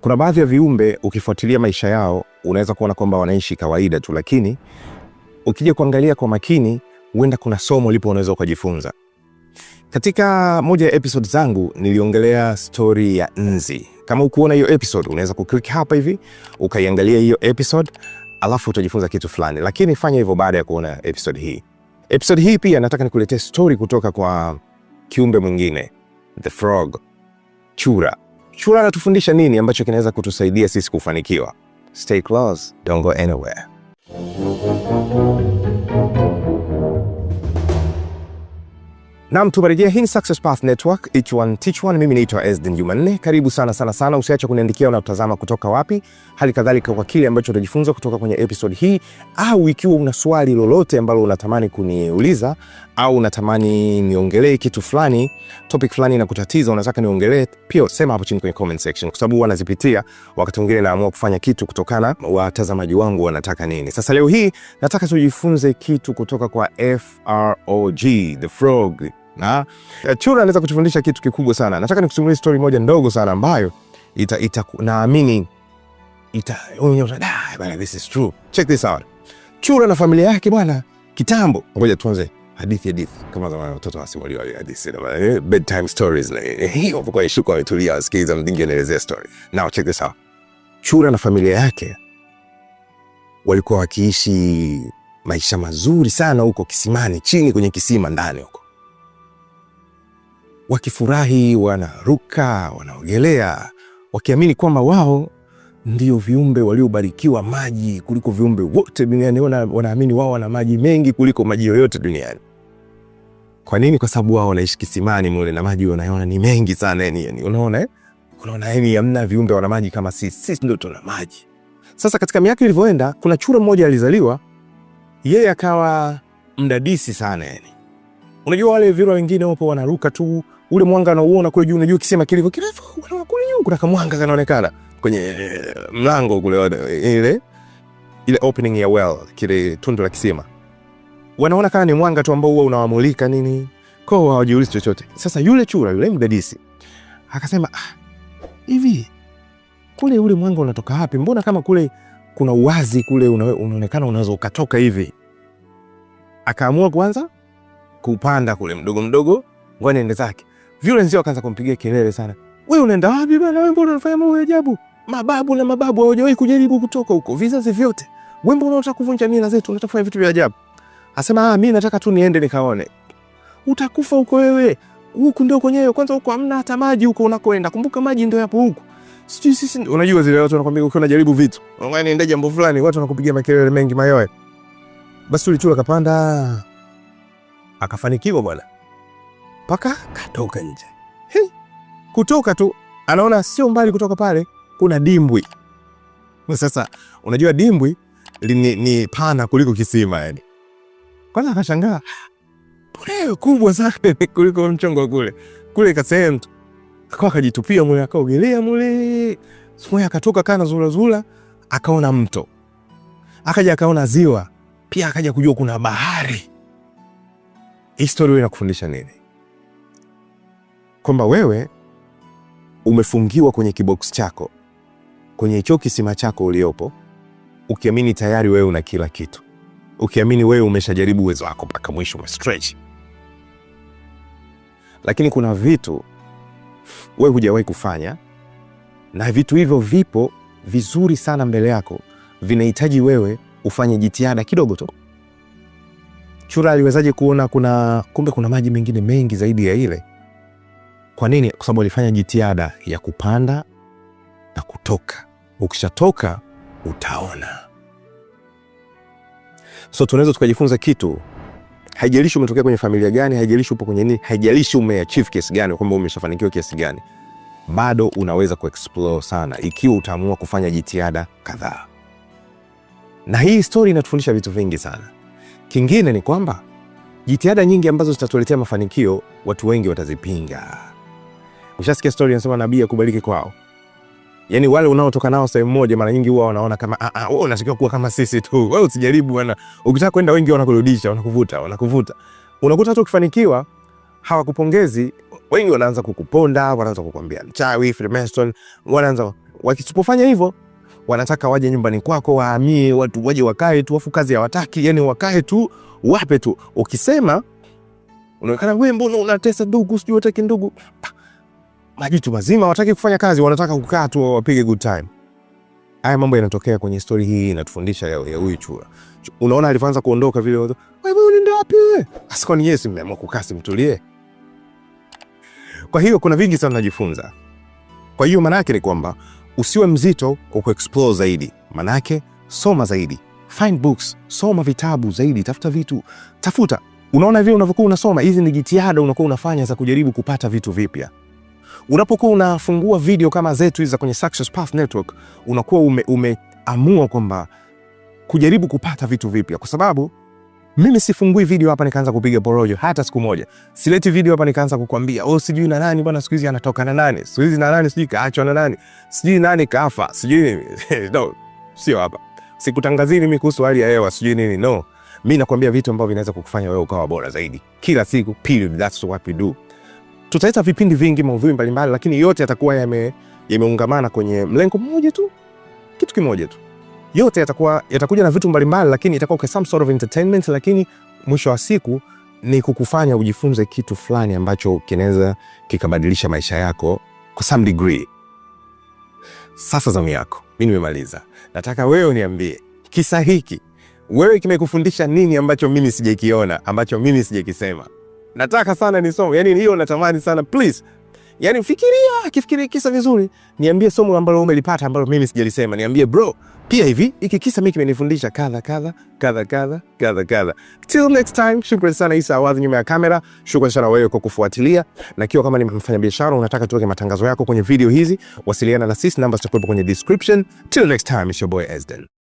Kuna baadhi ya viumbe ukifuatilia maisha yao unaweza kuona kwamba wanaishi kawaida tu, lakini ukija kuangalia kwa makini, huenda kuna somo lipo unaweza ukajifunza. Katika moja ya episode zangu niliongelea stori ya nzi. Kama ukuona hiyo episode, unaweza kuklik hapa hivi ukaiangalia hiyo episode, alafu utajifunza kitu fulani, lakini fanya hivyo baada ya kuona episode hii. Episode hii pia nataka nikuletee stori kutoka kwa kiumbe mwingine, the frog, chura. Shura anatufundisha nini ambacho kinaweza kutusaidia sisi kufanikiwa? Stay close, don't go anywhere. Nam, tumerejea hii ni Success Path Network, each one teach one. Mimi naitwa Ezdin Jumanne, karibu sana sana sana. Usiache kuniandikia unatazama kutoka wapi, hali kadhalika kwa kile ambacho utajifunza kutoka kwenye episode hii, au ikiwa una swali lolote ambalo unatamani kuniuliza au unatamani niongelee kitu fulani, topic fulani na kutatiza, unataka niongelee pia, sema hapo chini kwenye comment section, kwa sababu huwa nazipitia. Wakati mwingine naamua kufanya kitu kutokana watazamaji wangu wanataka nini. Sasa leo hii nataka tujifunze kitu kutoka kwa FROG, the frog na eh, Chura anaweza kutufundisha kitu kikubwa sana. Nataka nikusimulie story moja ndogo sana ambayo ita, ita naamini ita ah, bwana, this is true. Check this out. Chura na familia yake bwana, kitambo. Ngoja tuanze hadithi hadithi kama zamani watoto wasimuliwa hadithi na bedtime stories na hiyo, kwa hiyo shuka wametulia, wasikiza mdingi anaelezea story. Now check this out. Chura na familia yake walikuwa wakiishi maisha mazuri sana huko kisimani, chini kwenye kisima ndani huko wakifurahi, wanaruka, wanaogelea, wakiamini kwamba wao ndio viumbe waliobarikiwa maji kuliko viumbe wote duniani. wanaamini wao wana maji mengi kuliko maji yoyote duniani. Kwa nini? Kwa sababu wao wanaishi kisimani mule na maji wanaona ni mengi sana, yani unaona eh? Unaona yani hamna viumbe wana maji kama sisi, sisi ndio tuna maji. Sasa katika miaka ilivyoenda, kuna chura mmoja alizaliwa, yeye akawa mdadisi sana yani. Unajua wale virwa wengine wapo wanaruka tu ule mwanga anauona kule juu, unajua ukisema kilivyo kirefu kule juu kuna kamwanga kanaonekana kwenye eh, mlango kule, ile ile opening ya well, kile tundu la kisima, wanaona kama ni mwanga tu ambao huwa unawamulika nini, kwa hiyo hawajiulizi chochote. Sasa yule chura yule mdadisi akasema, ah, hivi kule ule mwanga unatoka wapi? Mbona kama kule kuna uwazi kule unaonekana unaweza ukatoka hivi. Akaamua kwanza kupanda kule mdogo mdogo, ngoja niende zake vile nzio akaanza kumpigia kelele sana, wewe unaenda wapi bwana? Wewe mbona unafanya mambo ya ajabu? Mababu na mababu hawajawahi kujaribu kutoka huko, vizazi vyote. Wewe mbona unataka kuvunja mila zetu, unataka kufanya vitu vya ajabu? Asema ah, mimi nataka tu niende nikaone. Utakufa huko wewe, huku ndio kwenyewe. Kwanza huko hamna hata maji, huko unakoenda. Kumbuka maji ndio yapo huko. Sisi sisi, unajua zile watu wanakuambia ukiwa unajaribu vitu, unaona niende jambo fulani, watu wanakupigia makelele mengi mayoe. Basi ulichua kapanda, akafanikiwa bwana mpaka katoka nje. Kutoka tu anaona sio mbali kutoka pale kuna dimbwi. Sasa unajua dimbwi ni, ni pana kuliko kisima yani. Kwanza akashangaa pole kubwa sana kuliko mchongo kule kule kasentu tu akawa akajitupia mule akaogelea mule simoya akatoka kana zula zula, akaona mto, akaja akaona ziwa, pia akaja kujua kuna bahari. Historia inakufundisha nini? kwamba wewe umefungiwa kwenye kiboksi chako, kwenye hicho kisima chako uliopo, ukiamini tayari wewe una kila kitu, ukiamini wewe umeshajaribu uwezo wako mpaka mwisho, umestretch. Lakini kuna vitu wewe hujawahi kufanya, na vitu hivyo vipo vizuri sana mbele yako, vinahitaji wewe ufanye jitihada kidogo tu. Chura aliwezaje kuona kuna kumbe kuna maji mengine mengi zaidi ya ile? Kwa nini? Kwa sababu alifanya jitihada ya kupanda na kutoka. Ukishatoka utaona. So tunaweza tukajifunza kitu, haijalishi umetokea kwenye familia gani, haijalishi upo kwenye nini, haijalishi umeachieve kiasi gani, kwamba umeshafanikiwa kiasi gani, bado unaweza kuexplore sana ikiwa utaamua kufanya jitihada kadhaa. Na hii stori inatufundisha vitu vingi sana. Kingine ni kwamba jitihada nyingi ambazo zitatuletea mafanikio watu wengi watazipinga. Ushasikia stori inasema nabii akubariki kwao. Yaani wale unaotoka nao sehemu moja mara nyingi huwa wanaona kama ah ah, wewe unatakiwa kuwa kama sisi tu. Wewe usijaribu bwana. Ukitaka kwenda wengi wanakurudisha, wanakuvuta, wanakuvuta. Unakuta hata ukifanikiwa hawakupongezi, wengi wanaanza kukuponda, wanaanza kukwambia mchawi, Freemason, wanaanza wakisipofanya hivyo wanataka waje nyumbani kwako waamie, watu waje wakae tu, afu kazi hawataki, yani wakae tu, wape tu. Ukisema unaonekana wewe, mbona unatesa ndugu, sijui unataka ndugu majitu mazima wataki kufanya kazi, wanataka kukaa tu wapige good time. Haya mambo yanatokea kwenye story hii, inatufundisha ya huyu chura. Unaona alivyoanza kuondoka vile, wewe unaenda wapi wewe? Asikoni yeye si mmeamua kukaa simtulie. Kwa hiyo kuna vingi sana najifunza. Kwa hiyo maana ni kwamba usiwe mzito kwa kuexplore zaidi, maana soma zaidi, find books, soma vitabu zaidi, tafuta vitu, tafuta. Unaona vile unavyokuwa unasoma, hizi ni jitihada unakuwa unafanya za kujaribu kupata vitu vipya. Unapokuwa unafungua video kama zetu hizi za kwenye Success Path Network, unakuwa umeamua ume kwamba kujaribu kupata vitu vipya, kwa sababu mimi sifungui video hapa nikaanza kupiga porojo hata siku moja. Sileti video hapa nikaanza kukwambia oh, sijui na nani bwana, siku hizi anatoka na nani, siku hizi na nani, sijui kaachwa na nani, sijui nani kafa, sijui nini no, sio hapa. Sikutangazii mimi kuhusu hali ya hewa sijui nini, no. Mi nakwambia vitu ambavyo vinaweza kukufanya wewe ukawa bora zaidi kila siku, period. That's what we do tutaleta vipindi vingi, maudhui mbalimbali, lakini yote yatakuwa yameungamana yame, kwenye mlengo mmoja tu, kitu kimoja tu. Yote yatakuwa yatakuja na vitu mbalimbali, lakini itakuwa kwa some sort of entertainment, lakini mwisho wa siku ni kukufanya ujifunze kitu fulani ambacho kinaweza kikabadilisha maisha yako kwa some degree. Sasa zamu yako, mimi nimemaliza. Nataka wewe uniambie kisa hiki wewe kimekufundisha nini ambacho mimi sijakiona, ambacho mimi sijakisema nataka sana nisome, yani hiyo natamani sana please. Yani fikiria kifikiri kisa vizuri, niambie somo ambalo umelipata ambalo mimi sijalisema, niambie bro, pia hivi iki kisa mimi kimenifundisha kadha kadha kadha kadha kadha kadha. Till next time, shukrani sana Isa Awadhi nyuma ya kamera, shukrani sana wewe kwa kufuatilia, na kiwa kama ni mfanya biashara unataka tuweke matangazo yako kwenye video hizi, wasiliana na sisi, namba zitakuwepo kwenye description. Till next time, it's your boy Ezden.